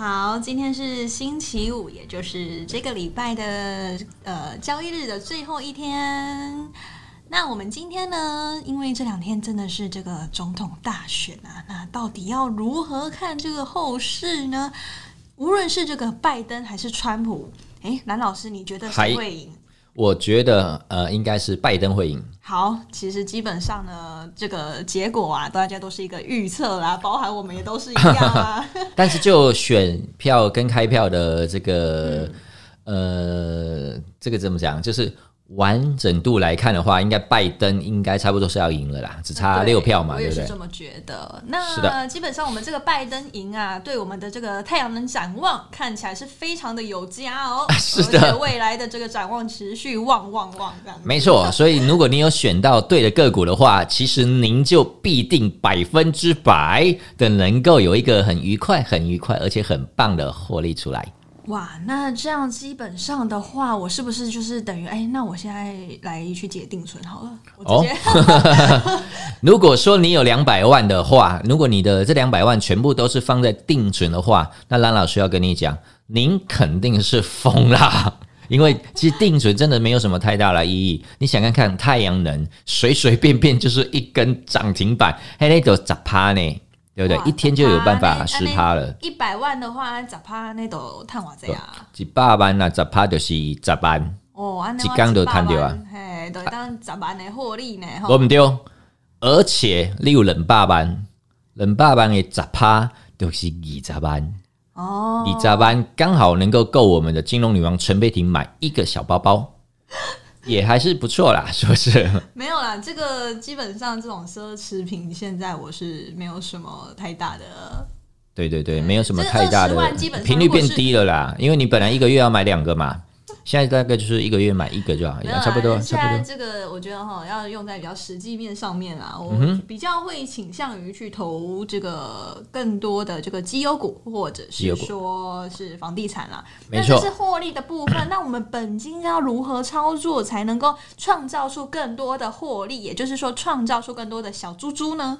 好，今天是星期五，也就是這個禮拜的呃交易日的最後一天。那我們今天呢，因為這兩天真的是這個總統大選啊，那到底要如何看這個後市呢？無論是這個拜登還是川普，誒、欸，藍老師，你覺得誰會贏？我覺得，呃，應該是拜登會贏好，其實基本上呢，這個結果啊，大家都是一個預測啦，包含我們也都是一樣啊。 但是就選票跟開票的這個，嗯、呃，這個怎麼講，就是。完整度來看的話，應該拜登應該差不多是要贏了啦，只差六票嘛對，對不對？我也是這麼覺得。那基本上我們這個拜登贏啊，對我們的這個太陽能展望看起來是非常的有加哦。是的，未來的這個展望持續旺旺旺，旺這樣子。沒錯，所以如果您有選到對的個股的話， 其實您就必定百分之百的能夠有一個很愉快、很愉快而且很棒的獲利出來。哇，那這樣基本上的話，我是不是就是等於哎？那我現在來去解定存好了。我直接哦， 如果說你有兩百萬的話，如果你的這兩百萬全部都是放在定存的話，那藍老師要跟你講，您肯定是瘋啦 因為其實定存真的沒有什麼太大的意義。 你想看看，太陽能隨隨便便就是一根漲停板，還那個10趴呢。對對，一天就有辦法十趴了。一百萬的話，十趴那都貪我這樣就萬啊？一百萬啊？十趴就是十萬？哦，我，那幾就貪掉啊？嘿，對當十萬的獲利呢？啊、我唔丟，而且你有兩百萬，兩百萬的十趴就是二十萬？哦，二十萬剛好能夠夠我們的金融女王陳佩婷買一個小包包。 也還是不錯啦，是不是？沒有啦，這個基本上這種奢侈品，現在我是沒有什麼太大的。對對對，沒有什麼太大的頻率變低了啦，因為你本來一個月要買兩個嘛。現在大概就是一個月買一個就好，也差不多差不多啊，這個我覺得哈，要用在比較實際面上面啦。嗯、我比較會傾向於去投這個更多的這個績優股，或者是說是房地產啦。沒錯，但是獲利的部分。那我們本金要如何操作才能夠創造出更多的獲利？也就是說，創造出更多的小豬豬呢？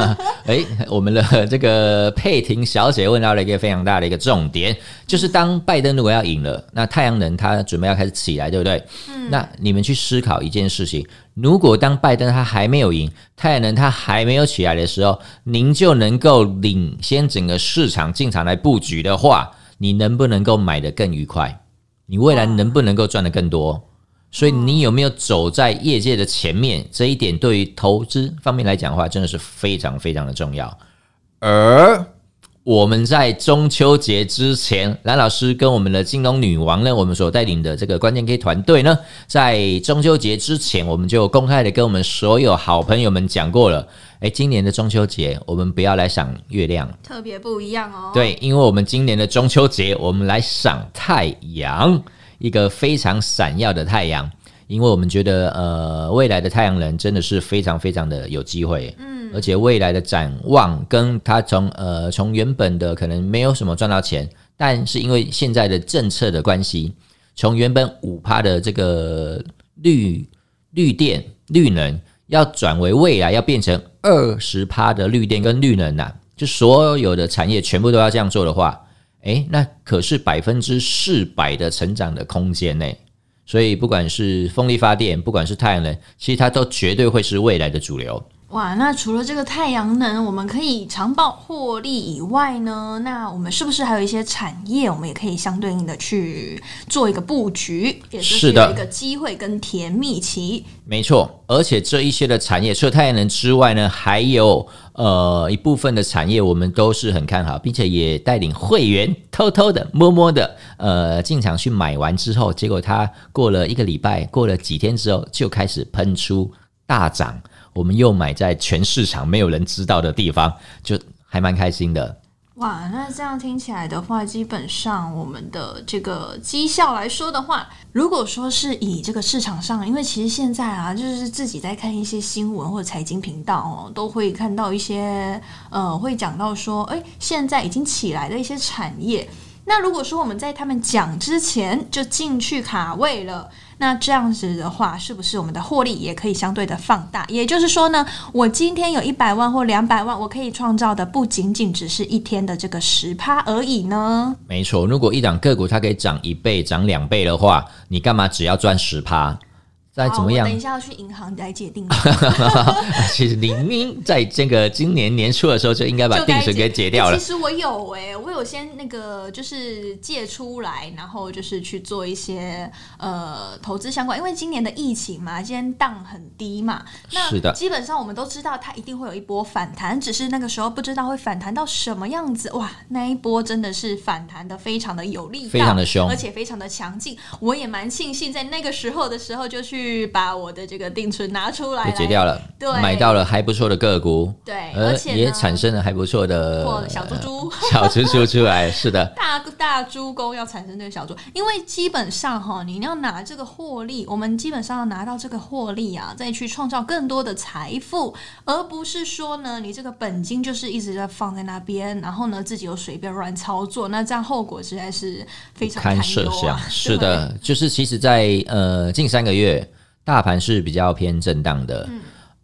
哎，我們的這個佩婷小姐問到了一個非常大的一個重點，就是當拜登如果要贏了，那太陽能它。他準備要開始起來，對不對？嗯、那你們去思考一件事情：如果當拜登他還沒有贏，太陽能他還沒有起來的時候，您就能夠領先整個市場進場來布局的話，你能不能夠買得更愉快？你未來能不能夠賺得更多？所以你有沒有走在業界的前面？嗯、這一點對於投資方面來講的話，真的是非常非常的重要。而、呃我們在中秋節之前，藍老師跟我們的金龍女王呢，我們所帶領的這個關鍵 K 團隊呢，在中秋節之前，我們就公開的跟我們所有好朋友們講過了。誒、欸，今年的中秋節，我們不要來賞月亮，特別不一樣哦。對，因為我們今年的中秋節，我們來賞太陽，一個非常閃耀的太陽。因為我們覺得，呃，未來的太陽能真的是非常非常的有機會。嗯。而且未來的展望跟它從，跟他從呃從原本的可能沒有什麼賺到錢，但是因為現在的政策的關係，從原本五趴的這個綠綠電綠能，要轉為未來要變成二十趴的綠電跟綠能吶、啊，就所有的產業全部都要這樣做的話，誒，那可是百分之四百的成長的空間內。所以不管是風力發電，不管是太陽能，其實它都絕對會是未來的主流。哇，那除了這個太陽能，我們可以長抱獲利以外呢，那我們是不是還有一些產業，我們也可以相對應的去做一個佈局，也就是有一個機會跟甜蜜期？沒錯，而且這一些的產業，除了太陽能之外呢，還有呃一部分的產業，我們都是很看好，並且也帶領會員偷偷的、摸摸的呃進場去買完之後，結果他過了一個禮拜，過了幾天之後就開始噴出大漲。我們又買在全市場沒有人知道的地方，就還蠻開心的。哇，那這樣聽起來的話，基本上我們的這個績效來說的話，如果說是以這個市場上，因為其實現在啊，就是自己在看一些新聞或者財經頻道哦，都會看到一些呃，會講到說，哎、欸，現在已經起來的一些產業。那如果說我們在他們講之前就進去卡位了。那這樣子的話，是不是我們的獲利也可以相對的放大？也就是說呢，我今天有一百萬或兩百萬，我可以創造的不僅僅只是一天的這個十趴而已呢？沒錯，如果一檔個股它可以漲一倍、漲兩倍的話，你幹嘛只要賺十趴？那怎麼樣？好，等一下要去銀行來解定。 其實林英在這個今年年初的時候就應該把定時給解掉了。欸、其實我有哎、欸，我有先那個就是借出來，然後就是去做一些呃投資相關，因為今年的疫情嘛，今天檔很低嘛。是的。基本上我們都知道它一定會有一波反彈，只是那個時候不知道會反彈到什麼樣子。哇，那一波真的是反彈的非常的有力，非常的兇，而且非常的強勁。我也蠻慶幸，幸在那個時候的時候就去。去把我的這個定存拿出來了，解掉了，對，買到了還不錯的個股，對，而且也產生了還不錯的小豬豬，小豬豬、呃、出來 是的，大大豬公要產生這個小豬，因為基本上哈，你要拿這個獲利，我們基本上要拿到這個獲利啊，再去創造更多的財富，而不是說呢，你這個本金就是一直在放在那邊，然後呢，自己又隨便亂操作，那這樣後果實在是非常不堪設想。是的 就是其實在呃近三個月。大盤是比較偏震盪的。嗯，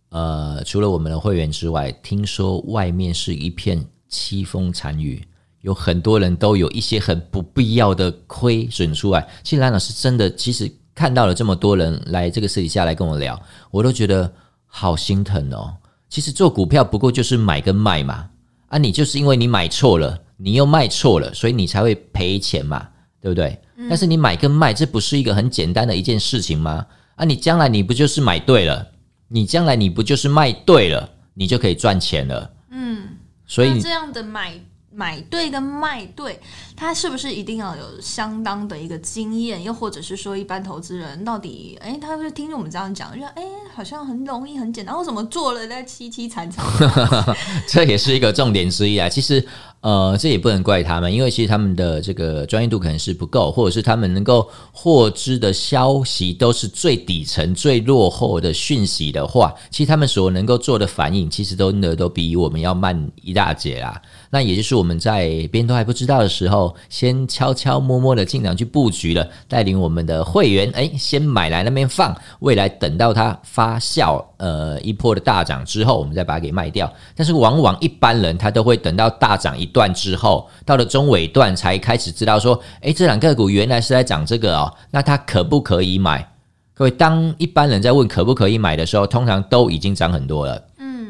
呃，除了我們的會員之外，聽說外面是一片淒風慘雨，有很多人都有一些很不必要的虧損出來。其實蘭老師真的，其實看到了這麼多人來這個私底下來跟我聊，我都覺得好心疼哦、喔。其實做股票不過就是買跟賣嘛，啊，你就是因為你買錯了，你又賣錯了，所以你才會賠錢嘛，對不對、嗯？但是你買跟賣，這不是一個很簡單的一件事情嗎？啊，你將來你不就是買對了？你將來你不就是賣對了？你就可以賺錢了。嗯，所以你這樣的買買對跟賣對，他是不是一定要有相當的一個經驗？又或者是說，一般投資人到底，哎、欸，他會聽着我們這樣講，覺得、欸、好像很容易、很簡單，我怎麼做了在淒淒慘慘？這也是一個重點之一啊。 其實。呃，這也不能怪他們，因為其實他們的這個專業度可能是不夠，或者是他們能夠獲知的消息都是最底層、最落後的訊息的話，其實他們所能夠做的反應，其實都那都比我們要慢一大截啦。那也就是我們在邊都還不知道的時候，先悄悄摸摸的進場去布局了，帶領我們的會員，哎、欸，先買來那邊放，未來等到它發酵，呃，一波的大漲之後，我們再把它給賣掉。但是往往一般人他都會等到大漲一段之後，到了中尾段才開始知道說，哎、欸，這兩個股原來是在漲這個哦，那它可不可以買？各位，當一般人在問可不可以買的時候，通常都已經漲很多了。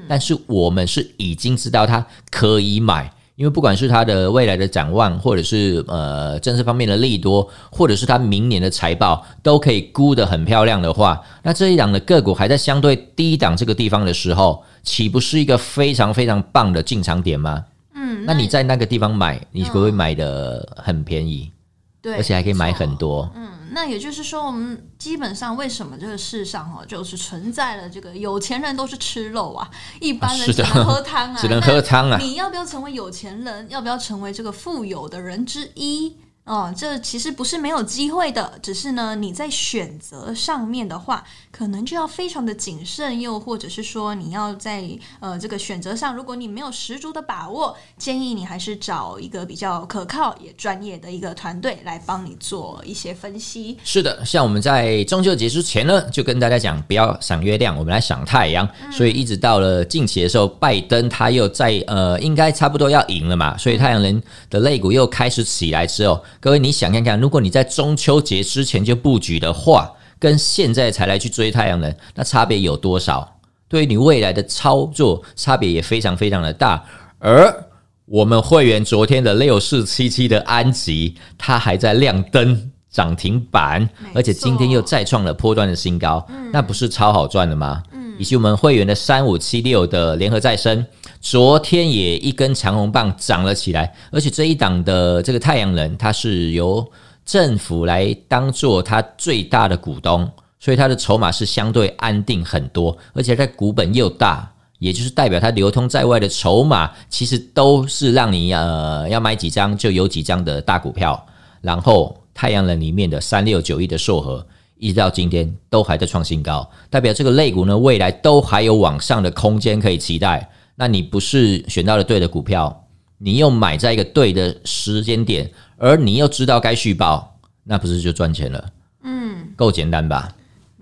但是我們是已經知道它可以買，因為不管是它的未來的展望，或者是呃政策方面的利多，或者是它明年的財報都可以估得很漂亮的話，那這一檔的個股還在相對低檔這個地方的時候，豈不是一個非常非常棒的進場點嗎？嗯，那，那你在那個地方買，你可不可以買的很便宜？對，而且還可以買很多。嗯，那也就是說，我們基本上為什麼這個世上哦，就是存在了這個有錢人都是吃肉啊，一般人只能喝湯啊，只能喝湯啊。你要不要成為有錢人？啊，那你要不要成為有錢人啊？要不要成為這個富有的人之一？哦，這其實不是沒有機會的，只是呢，你在選擇上面的話，可能就要非常的謹慎又，又或者是說，你要在呃這個選擇上，如果你沒有十足的把握，建議你還是找一個比較可靠也專業的一個團隊來幫你做一些分析。是的，像我們在中秋節之前呢，就跟大家講，不要賞月亮，我們來賞太陽，嗯。所以一直到了近期的時候，拜登他又在呃，應該差不多要贏了嘛，所以太陽能的類股又開始起來之後。各位，你想看看，如果你在中秋節之前就布局的話，跟現在才來去追太陽能，那差別有多少？對於你未來的操作，差別也非常非常的大。而我們會員昨天的六四七七的安吉，它還在亮燈漲停板，而且今天又再創了波段的新高，嗯，那不是超好賺的嗎？以及我們會員的三五七六的聯合再生，昨天也一根長紅棒漲了起來。而且這一檔的這個太陽能，它是由政府來當做它最大的股東，所以它的籌碼是相對安定很多。而且它股本又大，也就是代表它流通在外的籌碼，其實都是讓你呃要買幾張就有幾張的大股票。然後太陽能裡面的三六九一的碩禾。一直到今天都還在創新高，代表這個類股呢，未來都還有往上的空間可以期待。那你不是選到了對的股票，你又買在一個對的時間點，而你又知道該續抱，那不是就賺錢了？嗯，夠簡單吧？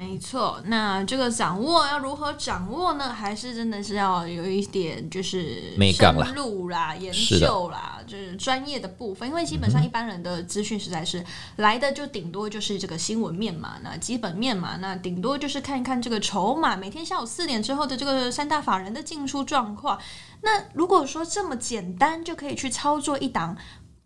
沒錯，那這個掌握要如何掌握呢？還是真的是要有一點就是深入啦、啦研究啦，就是專業的部分。因為基本上一般人的資訊實在是、嗯、來的就頂多就是這個新聞面嘛，那基本面嘛，那頂多就是看一看這個籌碼，每天下午四點之後的這個三大法人的進出狀況。那如果說這麼簡單就可以去操作一檔。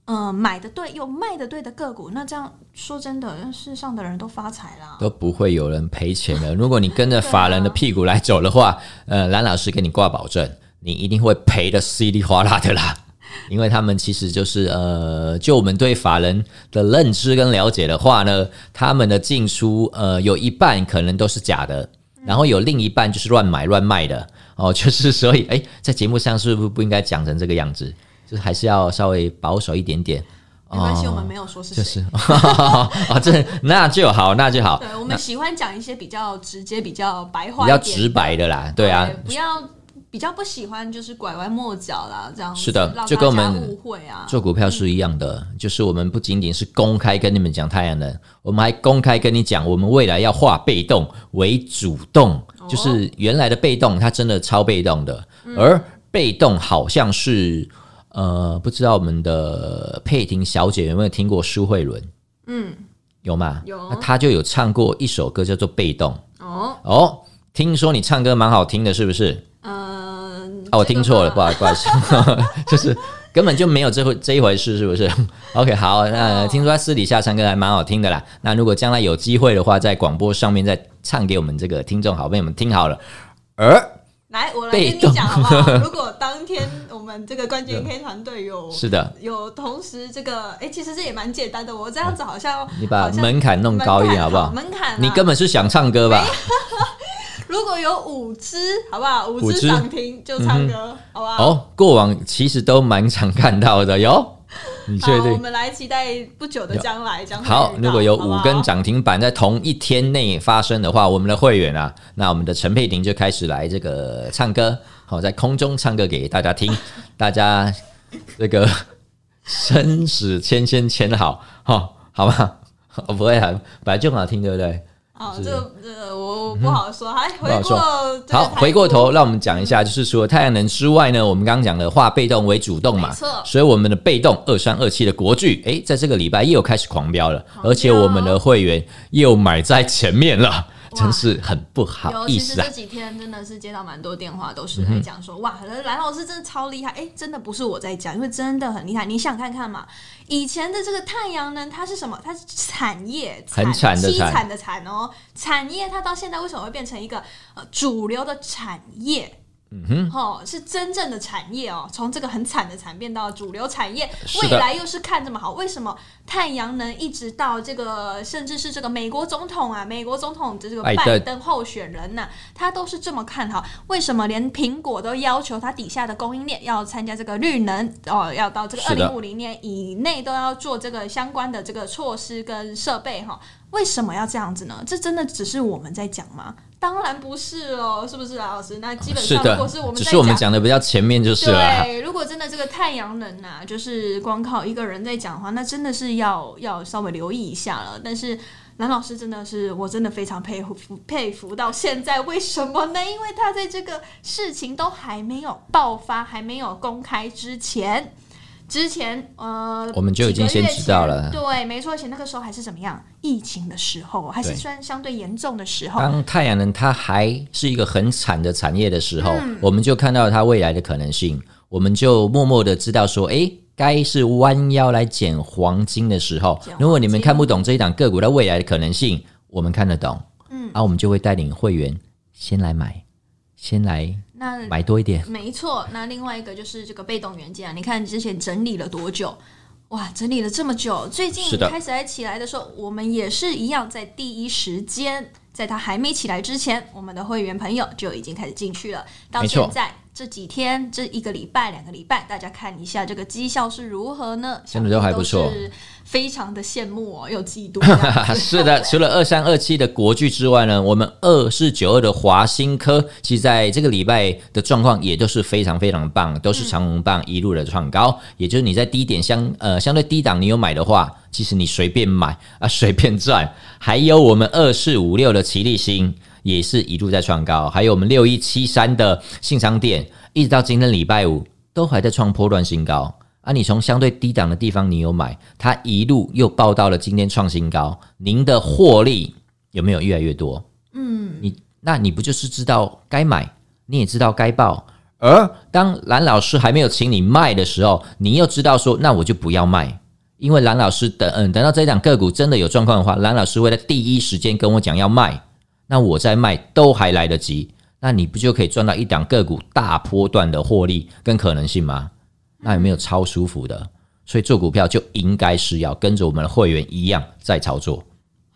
嗯，買的對，有賣的對的個股，那這樣說真的，世上的人都發財了，都不會有人賠錢的。如果你跟着法人的屁股來走的話， 啊、呃，藍老師給你掛保證，你一定會賠得稀里嘩啦的啦。因為他們其實就是呃，就我們對法人的認知跟了解的話呢，他們的進出呃有一半可能都是假的，然後有另一半就是亂買亂賣的哦，就是所以哎、欸，在節目上是不是不應該講成這個樣子？就是還是要稍微保守一點點，沒關係、哦，我們沒有說是就是啊哈哈哈哈、 哦，這那就好，那就好。對，我們喜歡講一些比較直接、比較白話、比較直白的啦，對啊，對不要比較不喜歡就是拐彎抹角啦，這樣子是的，就跟我們做股票是一樣的、嗯，就是我們不僅僅是公開跟你們講太陽能、嗯，我們還公開跟你講，我們未來要化被動為主動、哦，就是原來的被動它真的超被動的，嗯、而被動好像是。呃，不知道我們的佩婷小姐有沒有聽過蘇慧倫？嗯，有嗎？有，她就有唱過一首歌叫做《被動》。哦哦，聽說你唱歌蠻好聽的，是不是？嗯、呃、啊、哦，我聽錯了，這個、不好意思， 就是根本就沒有這回這一回事，是不是 ？OK，好，那聽說私底下唱歌還蠻好聽的啦、哦。那如果將來有機會的話，在廣播上面再唱給我們這個聽眾好朋友們聽好了。而來，我來跟你講好不好？ 如果當天我們這個關鍵 K 團隊有是的有同時這個，哎、欸，其實這也蠻簡單的、哦。我這樣子好像、嗯、你把門檻弄高一點好不好？門檻、啊門檻啊，你根本是想唱歌吧呵呵？如果有五支，好不好？五支漲停就唱歌，好不好？哦，過往其實都蠻常看到的，有。你確定？我們來期待不久的將來將來。好，如果有五根漲停板在同一天內發生的話好好，我們的會員啊，那我們的陳佩婷就開始來這個唱歌，好，在空中唱歌給大家聽， 大家這個生死千千千好，好好不好不會本來就很好聽，對不對？好、嗯、這呃，我不好說。還，回過頭，好，回過頭，讓我們講一下、嗯，就是除了太陽能之外呢，我們剛剛講的化被動為主動嘛，沒錯，所以我們的被動二三二七的國巨，誒，在這個禮拜又開始狂飆了狂飆，而且我們的會員又買在前面了。真是很不好意思，啊，其實這幾天真的是接到蠻多電話，都是在講說，嗯，哇，藍老師真的超厲害！哎，欸，真的不是我在講，因為真的很厲害。你想看看嘛？以前的這個太陽能，它是什麼？它是產業，很慘的慘，淒慘的慘哦。產業它到現在為什麼會變成一個呃主流的產業？嗯哼，哈、哦，是真正的產業哦，從這個很慘的產業變到主流產業，未來又是看這麼好，為什麼太陽能一直到這個甚至是這個美國總統啊，美國總統的這個拜登候選人呢，啊，他都是這麼看好，為什麼連蘋果都要求他底下的供應鏈要參加這個綠能哦，要到這個二零五零年以內都要做這個相關的這個措施跟設備哈、哦。為什麼要這樣子呢？這真的只是我們在講嗎？當然不是哦，是不是啊，老師？那基本上如果是我們在講的比較前面就是了，啊。對，如果真的這個太陽能啊，就是光靠一個人在講的話，那真的是要要稍微留意一下了。但是藍老師真的是，我真的非常佩服佩服到現在，為什麼呢？因為他在這個事情都還沒有爆發、還沒有公開之前。之前呃，我們就已經先知道了，前對，沒錯，而且那個時候還是怎麼樣，疫情的時候，還是算相對嚴重的時候。當太陽能它還是一個很慘的產業的時候，嗯、我們就看到它未來的可能性，我們就默默的知道說，哎、欸，該是彎腰來撿黃金的時候。如果你們看不懂這一檔個股的未來的可能性，我們看得懂，嗯，啊，我們就會帶領會員先來買。先來那買多一點，沒錯。那另外一個就是這個被動元件啊，你看之前整理了多久？哇，整理了這麼久，最近開始還起來的時候，我們也是一樣，在第一時間，在他還沒起來之前，我們的會員朋友就已經開始進去了，到現在。這幾天這一個禮拜兩個禮拜，大家看一下這個績效是如何呢？真的都還不錯，非常的羨慕、哦、又嫉妒。 是的， 除了二三二七的國巨之外呢，我們二四九二的華新科，其實在這個禮拜的狀況也都是非常非常棒，都是長紅棒一路的創高、嗯。也就是你在低點相呃相對低檔你有買的話，其實你隨便買啊隨便賺。還有我們二四五六的奇力新。也是一路在創高，還有我們六一七三的信昌電，一直到今天禮拜五都還在創波段新高啊！你從相對低檔的地方，你有買，它一路又報到了今天創新高，您的獲利有沒有越來越多？嗯，你那你不就是知道該買，你也知道該報。而當藍老師還沒有請你賣的時候，你又知道說那我就不要賣，因為藍老師等、呃、等到這一檔個股真的有狀況的話，藍老師會在第一時間跟我講要賣。那我在賣都還來得及，那你不就可以賺到一檔個股大波段的獲利跟可能性嗎？那有沒有超舒服的？所以做股票就應該是要跟着我們的會員一樣在操作。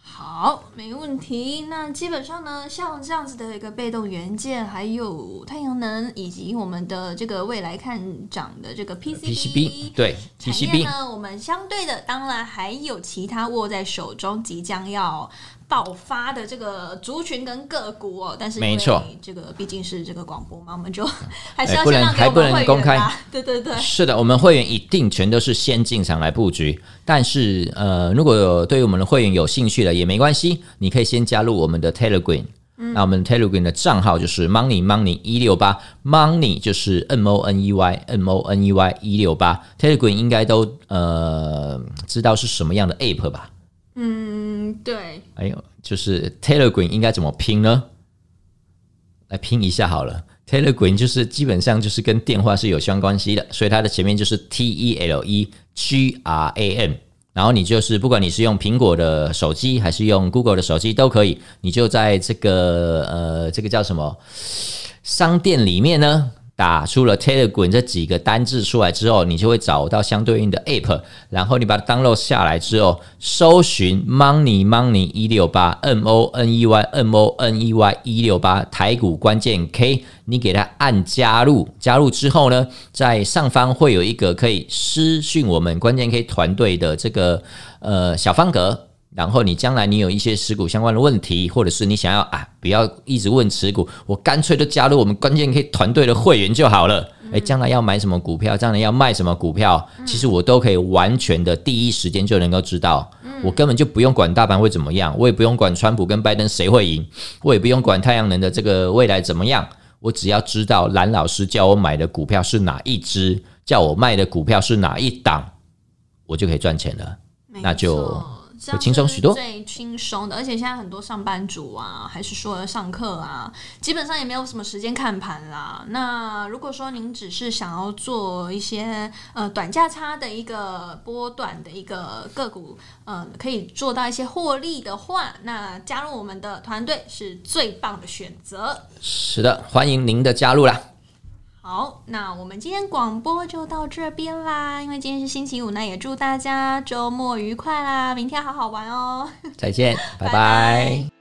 好，沒問題。那基本上呢，像這樣子的一個被動元件，還有太陽能，以及我們的這個未來看漲的這個 PCB，對，PCB 呢，PCB 呢，我們相對的當然還有其他握在手中即將要。爆發的這個族群跟個股，哦，但是沒錯，這個畢竟是這個廣播嘛，我們就還是要盡量給我們的會員、哎、還不能公開，對對對，是的，我們會員一定全都是先進場來佈局、嗯。但是呃，如果對於我們的會員有興趣的也沒關係，你可以先加入我們的 Telegram、嗯。那我們 Telegram 的賬號就是 Money Money 一、嗯、六八 Money 就是 M O N E Y M O N E Y 一六八 Telegram 應該都呃知道是什麼樣的 App 吧。嗯，對。還、哎、有就是 Telegram 應該怎麼拼呢？來拼一下好了，Telegram 就是基本上就是跟電話是有相關係的，所以它的前面就是 T E L E G R A M。然後你就是不管你是用蘋果的手機還是用 Google 的手機都可以，你就在這個呃這個叫什麼商店裡面呢？打出了 Telegram 這幾個單字出來之後，你就會找到相對應的 App，然後你把它 download 下來之後，搜尋 money money 一六八 m o n e y m o n e y 一六八台股關鍵 K，你給它按加入，加入之後呢，在上方會有一個可以私訊我們關鍵 K 團隊的這個呃小方格。然後你將來你有一些持股相關的問題，或者是你想要啊，不要一直問持股，我乾脆就加入我們關鍵 K 團隊的會員就好了。哎、嗯，將來要買什麼股票，將來要賣什麼股票，嗯、其實我都可以完全的第一時間就能夠知道、嗯。我根本就不用管大盤會怎麼樣，我也不用管川普跟拜登誰會贏，我也不用管太陽能的這個未來怎麼樣，我只要知道藍老師叫我買的股票是哪一支，叫我賣的股票是哪一檔，我就可以賺錢了。那就。會輕鬆許多，最輕鬆的，而且現在很多上班族啊，還是說上課啊，基本上也沒有什麼時間看盤啦。那如果說您只是想要做一些呃短價差的一個波段的一個個股，嗯、呃，可以做到一些獲利的話，那加入我們的團隊是最棒的選擇。是的，歡迎您的加入啦。好，那我們今天廣播就到這邊啦。因為今天是星期五，那也祝大家周末愉快啦！明天好好玩哦。再見， 拜拜。拜拜。